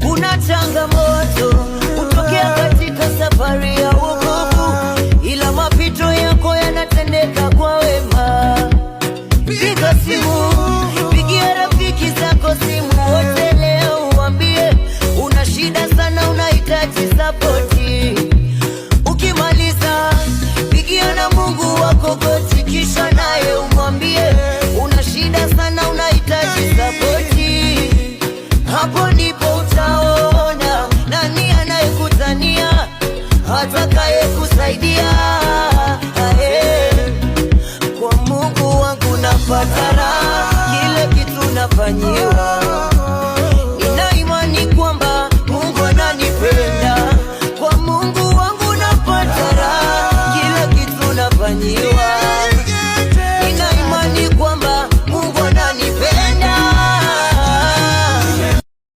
Kuna changamoto hutokea katika safari ya wokovu, ila mapito yako yanatendeka kwa wema. Piga simu hapo ndipo utaona nani anayekutania, atakayekusaidia kwa Mungu wangu kile kitu kwamba Mungu ananipenda. Kwa Mungu wangu napata raha kile kitu nafanyiwa